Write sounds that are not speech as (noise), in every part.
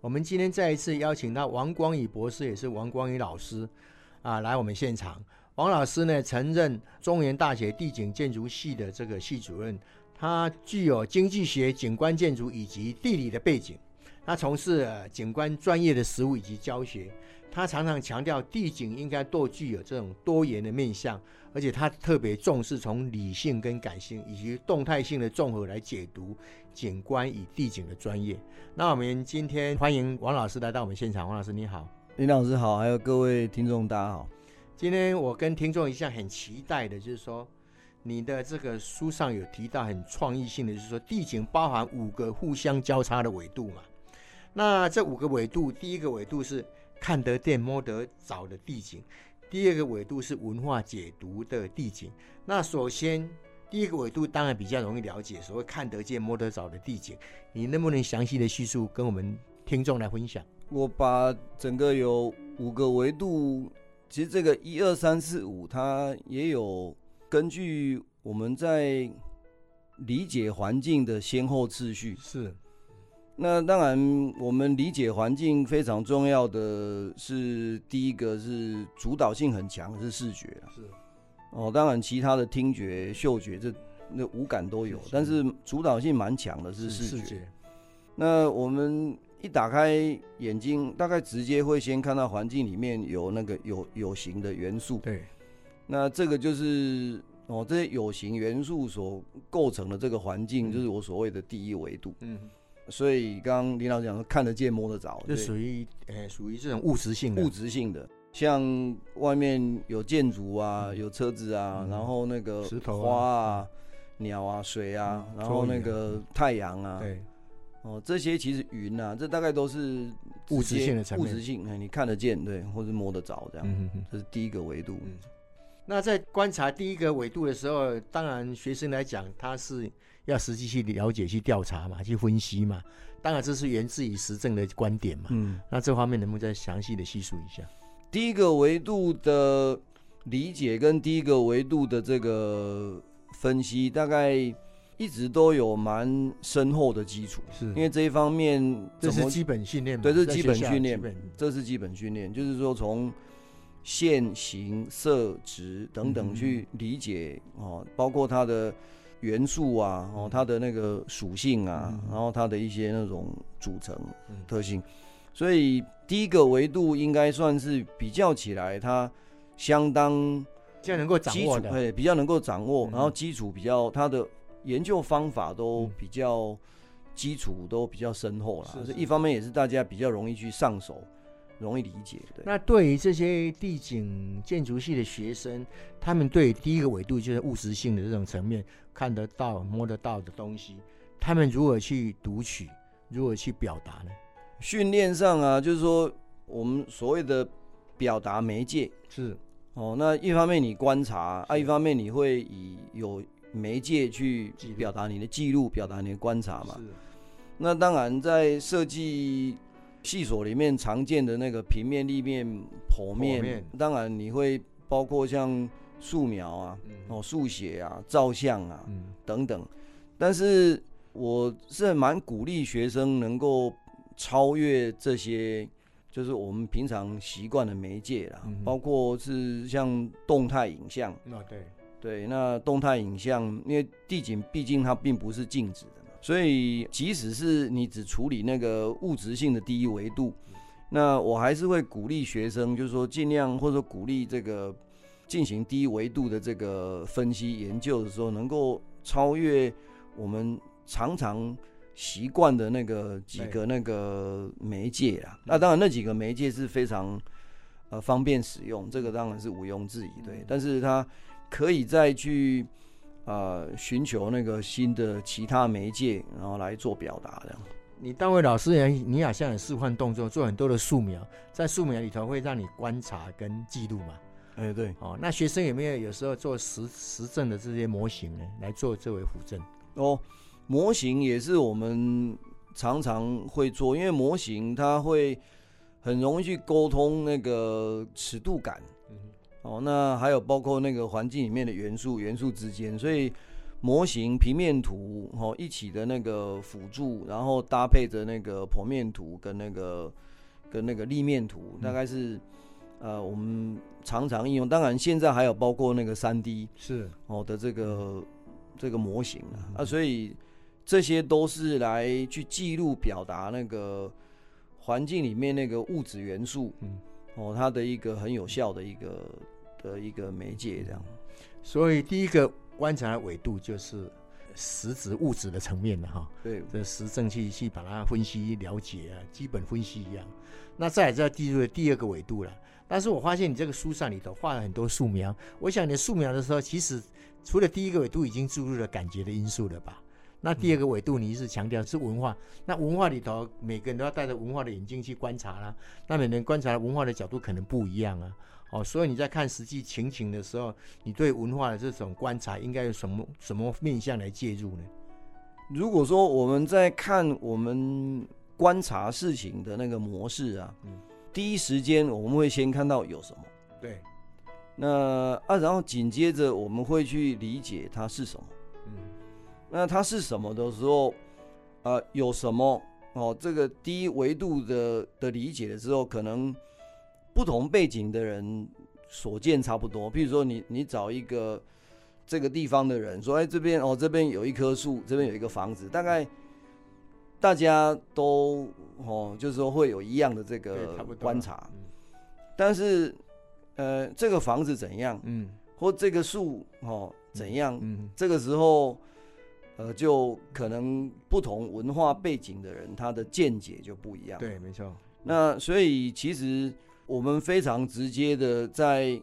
我們今天再一次邀請到王光宇博士，也是王光宇老師，啊，來我們現場。王老師呢，曾任中原大學地景建築系的這個系主任，他具有經濟學、景觀建築以及地理的背景，他從事景觀專業的實務以及教學。他常常強調地景應該多具有這種多元的面向，而且他特別重視從理性跟感性以及動態性的綜合來解讀景觀與地景的專業。那我們今天歡迎王老師來到我們現場，王老師你好，林老師好，還有各位聽眾大家好。今天我跟聽眾一向很期待的，就是說你的這個書上有提到很創意性的，就是說地景包含五個互相交叉的維度嘛。那這五個維度，第一個維度是。看得見、摸得着的地景，第二個維度是文化解讀的地景。那首先第一個維度當然比較容易了解，所謂看得見、摸得着的地景，你能不能詳細的敘述跟我們聽眾來分享？我把整個有五個維度，其實這個一二三四五，它也有根據我們在理解環境的先後次序是。那當然，我們理解環境非常重要的是，第一個是主導性很強是視覺，啊，是哦，當然其他的聽覺、嗅覺這那五感都有，但是主導性蠻強的是視覺。那我們一打開眼睛，大概直接會先看到環境裡面有那個有有形的元素。對，那這個就是哦，這些有形元素所構成的這個環境，就是我所謂的第一維度。嗯。嗯。所以，剛剛老師講說看得見摸得着，就屬於呃屬於這種物質性的物質性的，像外面有建築啊，嗯、有車子啊，嗯、然後那個花、啊、石頭啊、鳥啊、水啊，嗯、然後那個太陽啊，哦、嗯，呃、這些其實雲啊，這大概都是物質性的產物質性、欸，你看得見，對，或是摸得着這樣，這、嗯、是第一個維度。嗯、那在觀察第一個維度的時候，當然學生來講，他是。要實際去了解、去調查嘛，去分析嘛。當然，這是源自於實證的觀點嘛。嗯。那這方面能不能再詳細的細述一下？第一個維度的理解跟第一個維度的這個分析，大概一直都有蠻深厚的基礎。是因為這一方面，這是基本訓練。對，這是基本訓練。這是基本訓練，就是說從線形、色值等等去理解哦，嗯、包括它的。元素啊，然、哦、後它的那個屬性啊，嗯、然後它的一些那種組成、嗯、特性，所以第一個維度應該算是比較起來，它相當，比較能夠掌握的，對，比較能夠掌握，嗯、然後基礎比較，它的研究方法都比較基礎都比較深厚啦是、嗯、一方面也是大家比較容易去上手。容易理解。對，那對於這些地景建築系的學生，他們對第一個維度就是物質性的這種層面，看得到、摸得到的東西，他們如何去讀取，如何去表達呢？訓練上啊，就是說我們所謂的表達媒介是哦，那一方面你觀察，是啊，一方面你會以有媒介去表達你的記錄，表達你的觀察嘛。是那當然在設計。系所裡面常見的那個平面、立面、剖面，剖面當然你會包括像素描啊、嗯、哦速寫啊、照相啊、嗯、等等。但是我是蠻鼓勵學生能夠超越這些，就是我們平常習慣的媒介啦，嗯、包括是像動態影像。哦、對對，那動態影像，因為地景畢竟它並不是靜止的。所以，即使是你只處理那個物質性的第一維度，那我還是會鼓勵學生，就是說盡量或者鼓勵這個進行第一維度的這個分析研究的時候，能夠超越我們常常習慣的那個幾個那個媒介啊。那當然，那幾個媒介是非常呃方便使用，這個當然是毋庸置疑，對。但是它可以再去。呃，尋求那個新的其他媒介，然後來做表達的。你單位老師也，你好像也示範動作，做很多的素描，在素描裡頭會讓你觀察跟記錄嘛？哎、嗯，對哦。那學生有沒有有時候做實實證的這些模型呢？來做作為輔證？哦，模型也是我們常常會做，因為模型它會很容易去溝通那個尺度感。哦，那還有包括那個環境裡面的元素，元素之間，所以模型、平面圖，哦，一起的那個輔助，然後搭配着那個剖面圖跟那個跟那個立面圖，嗯、大概是呃我們常常應用。當然現在還有包括那個三 D 是哦的這個這個模型啊、嗯、啊，所以這些都是來去記錄表達那個環境裡面那個物質元素，嗯。哦，它的一個很有效的一個的一個媒介這樣，所以第一個觀察的維度就是實質物質的層面的、啊、哈，對，這實證去去把它分析了解啊，基本分析一樣。那再知道進入第二個維度了，但是我發現你這個書上裡頭畫了很多素描，我想你的素描的時候，其實除了第一個維度已經注入了感覺的因素了吧？那第二個維度，你一直強調是文化。嗯、那文化裡頭，每個人都要帶着文化的眼鏡去觀察啦、啊。那每個人觀察文化的角度可能不一樣啊。哦，所以你在看實際情景的時候，你對文化的這種觀察應該有什麼什麼面向來介入呢？如果說我們在看我們觀察事情的那個模式啊，嗯、第一時間我們會先看到有什麼？對。那啊，然後緊接着我們會去理解它是什麼。嗯。那它是什麼的時候，呃，有什麼哦？這個第一維度的的理解的時候，可能不同背景的人所見差不多。譬如說你，你你找一個這個地方的人說：“哎、欸，這邊哦，這邊有一棵樹，這邊有一個房子。”大概大家都哦，就是說會有一樣的這個觀察。嗯、但是，呃，這個房子怎樣？嗯，或這個樹哦怎樣？嗯，嗯這個時候。呃，就可能不同文化背景的人，他的見解就不一樣。對，沒錯。那所以其實我們非常直接的，在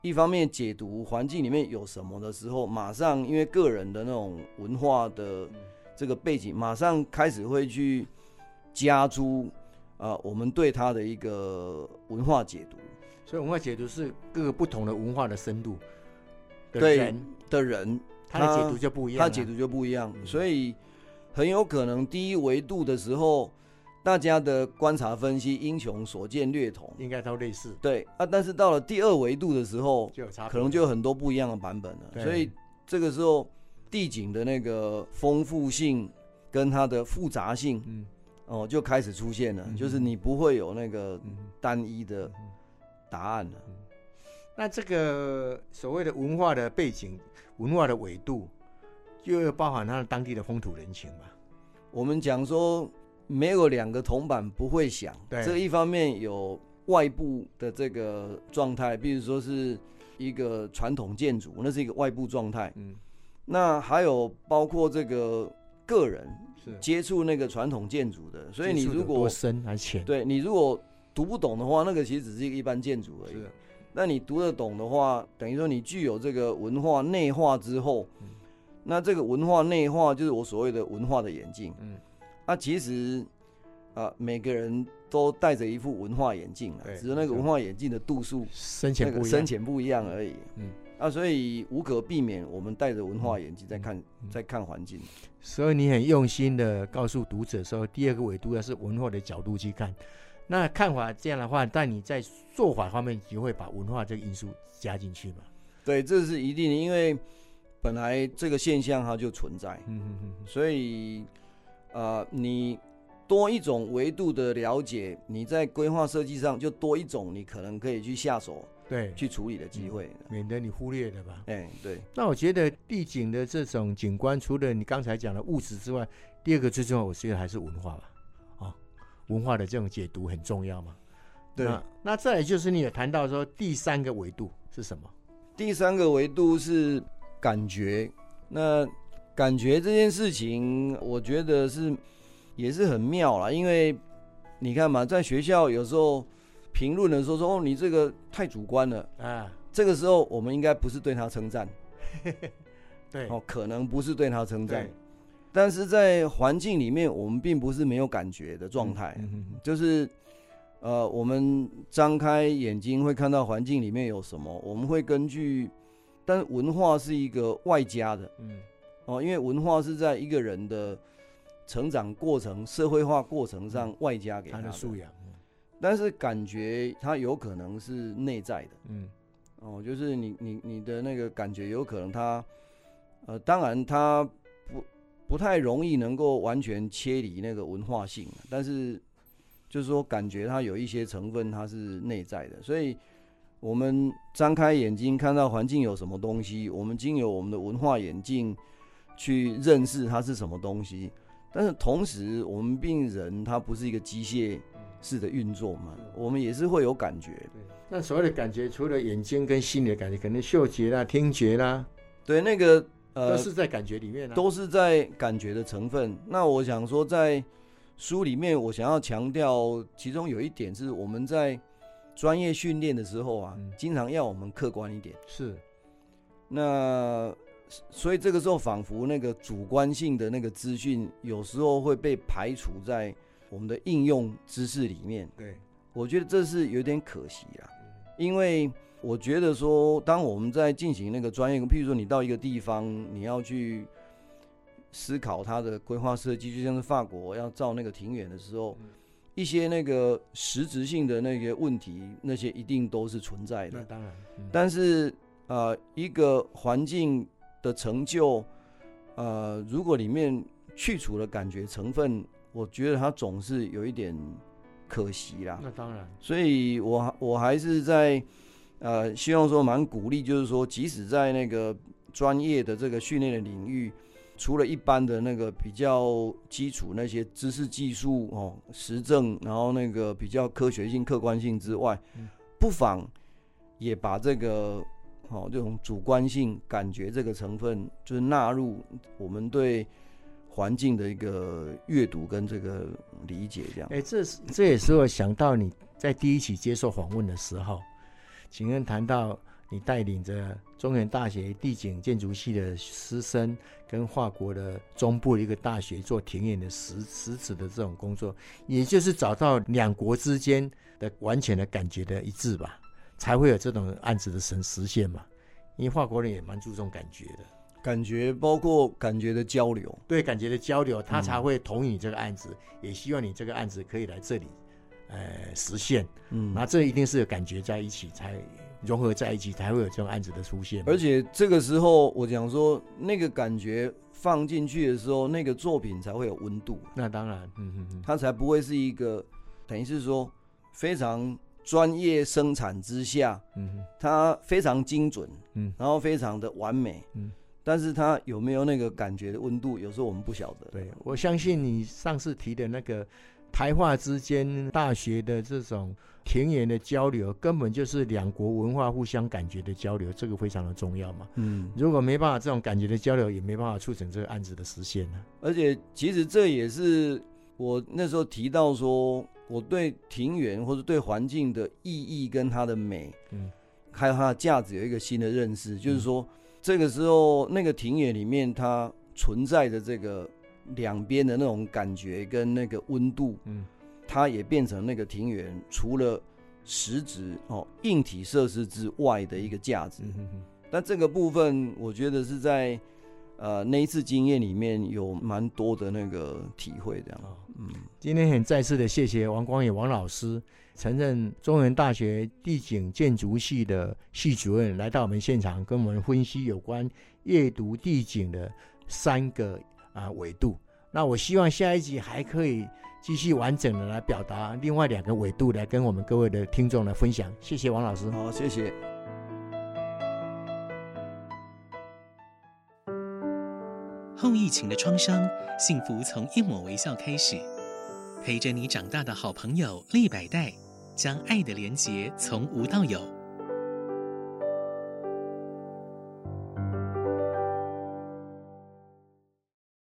一方面解讀環境裡面有什麼的時候，馬上因為個人的那種文化的這個背景，馬上開始會去加諸啊、呃，我們對他的一個文化解讀。所以文化解讀是各個不同的文化的深度，對的人。他的解讀就不一樣，他，他解讀就不一樣，所以很有可能第一維度的時候，大家的觀察分析英雄所見略同，應該都類似。對啊，但是到了第二維度的時候，就有差，可能就有很多不一樣的版本了。對所以這個時候，地景的那個豐富性跟它的複雜性，嗯、哦，就開始出現了，嗯、就是你不會有那個單一的答案了。嗯、那這個所謂的文化的背景。文化的維度，就要包含它當地的風土人情吧。我們講說，沒有兩個銅板不會響。對這一方面有外部的這個狀態，比如說是一個傳統建築，那是一個外部狀態。嗯，那還有包括這個個人接觸那個傳統建築的，是所以你如果深還是淺？對，你如果讀不懂的話，那個其實只是一個一般建築而已。那你讀得懂的話，等於說你具有這個文化內化之後，嗯、那這個文化內化就是我所謂的文化的眼鏡。嗯，那、啊、其實啊、呃，每個人都戴着一副文化眼鏡對只是那個文化眼鏡的度數深淺不深淺不一樣而已。嗯，那、嗯啊、所以無可避免，我們戴着文化眼鏡在看，嗯嗯、在看環境。所以你很用心的告訴讀者說，第二個維度要是文化的角度去看。那看法這樣的話，但你在做法方面你會把文化這個因素加進去嗎？對，這是一定的，因為本來這個現象它就存在，嗯嗯嗯。所以，呃，你多一種維度的了解，你在規劃設計上就多一種你可能可以去下手，對，去處理的機會，嗯，免得你忽略的吧。哎，欸，對。那我覺得地景的這種景觀，除了你剛才講的物質之外，第二個最重要，我覺得還是文化吧。文化的這種解讀很重要嗎？對啊，嗯，那再來就是你有談到說第三個維度是什麼？第三個維度是感覺。那感覺這件事情，我覺得是也是很妙啦，因為你看嘛，在學校有時候評論的時候說說哦，你這個太主觀了啊。這個時候我們應該不是對他稱讚， (laughs) 對哦，可能不是對他稱讚。對但是在環境裡面，我們並不是沒有感覺的狀態，嗯、就是，呃，我們張開眼睛會看到環境裡面有什麼，我們會根據，但文化是一個外加的，嗯，哦，因為文化是在一個人的成長過程、社會化過程上外加給他的，他的素養，嗯、但是感覺他有可能是內在的，嗯，哦，就是你你你的那個感覺有可能他，呃，當然他。不太容易能夠完全切離那個文化性，但是就是說感覺它有一些成分它是內在的，所以我們張開眼睛看到環境有什麼東西，我們經由我們的文化眼鏡去認識它是什麼東西。但是同時，我們病人他不是一個機械式的運作嘛，我們也是會有感覺，對，那所謂的感覺，除了眼睛跟心理的感覺，可能嗅覺啦、聽覺啦，對那個。都、呃、是在感覺裡面，啊，都是在感覺的成分。那我想說，在書裡面，我想要強調，其中有一點是我們在專業訓練的時候啊，嗯、經常要我們客觀一點。是，那所以這個時候，仿佛那個主觀性的那個資訊，有時候會被排除在我們的應用知識裡面。對，我覺得這是有點可惜啦，嗯、因為。我覺得說，當我們在進行那個專業，譬如說你到一個地方，你要去思考它的規劃設計，就像是法國要造那個庭園的時候，一些那個實質性的那些問題，那些一定都是存在的。那當然。嗯，但是啊，呃，一個環境的成就，呃，如果裡面去除了感覺成分，我覺得它總是有一點可惜啦。那當然。所以我我還是在。呃，希望說蠻鼓勵，就是說，即使在那個專業的這個訓練的領域，除了一般的那個比較基礎那些知識、技術哦、實證，然後那個比較科學性、客觀性之外，嗯，不妨也把這個好、哦、這種主觀性、感覺這個成分，就是納入我們對環境的一個閱讀跟這個理解這樣。哎、欸，這是，這也是我想到你在第一期接受訪問的時候，請問談到你帶領着中原大學地景建築系的師生，跟華國的中部的一個大學做庭院的實實質的這種工作，也就是找到兩國之間的完全的感覺的一致吧，才會有這種案子的成實現嘛。因為華國人也蠻注重感覺的，感覺包括感覺的交流，對，感覺的交流，他才會同意這個案子，也希望你這個案子可以來這裡。呃，實現，嗯，那這一定是有感覺在一起才融合在一起，才會有這種案子的出現。而且這個時候，我講說那個感覺放進去的時候，那個作品才會有溫度啊。那當然，嗯嗯嗯，它才不會是一個，等於是說非常專業生產之下，嗯哼，它非常精準，嗯，然後非常的完美，嗯，但是它有沒有那個感覺的溫度，有時候我們不曉得。對，我相信你上次提的那個。台化之間大學的這種庭園的交流，根本就是兩國文化互相感覺的交流，這個非常的重要嘛。嗯，如果沒辦法這種感覺的交流，也沒辦法促成這個案子的實現呢。而且，其實這也是我那時候提到說，我對庭園或者對環境的意義跟它的美，嗯，還有它的價值有一個新的認識，嗯、就是說，這個時候那個庭園裡面它存在的這個。兩邊的那種感覺跟那個溫度，嗯，它也變成那個庭園除了實質哦硬體設施之外的一個價值。嗯、哼哼但這個部分，我覺得是在呃那一次經驗裡面有蠻多的那個體會，這樣。嗯。今天很再次的謝謝王光宇王老師，曾任中原大學地景建築系的系主任，來到我們現場跟我們分析有關閱讀地景的三個。啊，維度。那我希望下一集還可以繼續完整的來表達另外兩個維度，來跟我們各位的聽眾來分享。謝謝王老師。好、哦，謝謝。後疫情的創傷，幸福從一抹微笑開始。陪着你長大的好朋友利百代，將愛的連結從無到有。